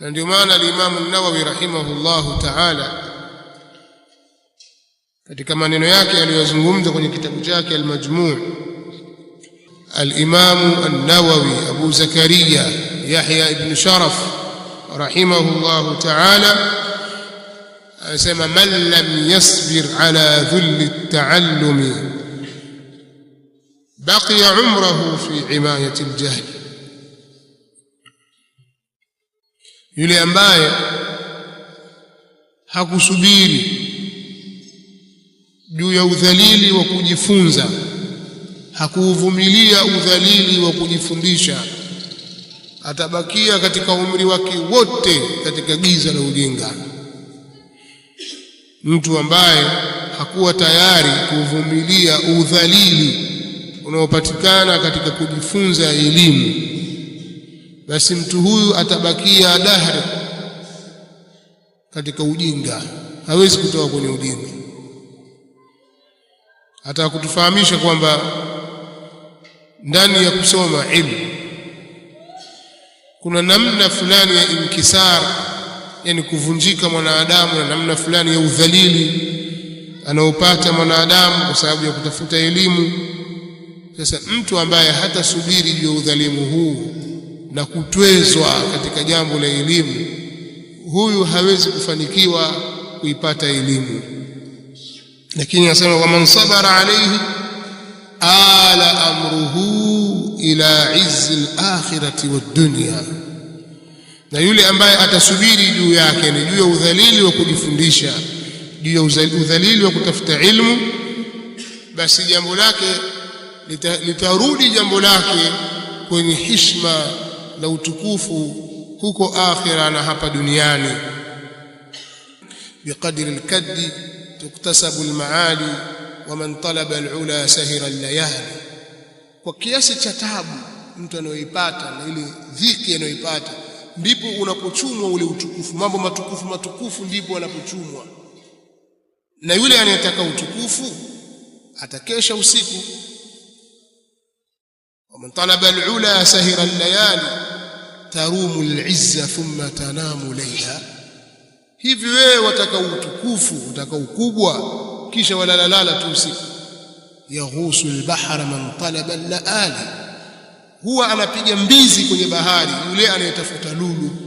na ndio maana al-Imam an Nawawi rahimahullahu ta'ala katika maneno yake aliyozungumza kwenye kitabu chake al-Majmu' al-Imam an-Nawawi Abu Zakaria Yahya ibn Sharaf rahimahullahu ta'ala anasema man lam yasbir ala dhulli at-ta'allumi baqiya umruhu fi imayati al-jahl yule ambaye hakusubiri juu ya udhalili wa kujifunza, hakuuvumilia udhalili wa kujifundisha, atabakia katika umri wake wote katika giza la ujinga. Mtu ambaye hakuwa tayari kuvumilia udhalili unaopatikana katika kujifunza elimu basi mtu huyu atabakia dahri katika ujinga, hawezi kutoka kwenye ujinga. Hata kutufahamisha kwamba ndani ya kusoma ilmu kuna namna fulani ya inkisar, yani kuvunjika mwanadamu, na namna fulani ya udhalili anaopata mwanadamu kwa sababu ya kutafuta elimu. Sasa mtu ambaye hatasubiri juu ya udhalimu huu na kutwezwa katika jambo la elimu, huyu hawezi kufanikiwa kuipata elimu. Lakini anasema man sabara alaihi ala amruhu ila izzi wad-dunya, na yule ambaye atasubiri juu yake ni juu ya udhalili wa kujifundisha, juu ya udhalili wa kutafuta ilmu, basi jambo lake litarudi, jambo lake kwenye hishma la utukufu huko akhira na hapa duniani. biqadri lkaddi tuktasabu almaali wa man talaba alula sahira allayali, kwa kiasi cha tabu mtu anayoipata na ile dhiki anayoipata ndipo unapochumwa ule utukufu. Mambo matukufu matukufu ndipo anapochumwa, na yule anayetaka utukufu atakesha usiku. waman talaba alula sahira allayali tarumu lizza thumma tanamu laiha, hivi wewe wataka utukufu utaka ukubwa kisha walalalala tu usiku. Yaghusu lbahra man talaba laali, huwa anapiga mbizi kwenye bahari yule anayetafuta lulu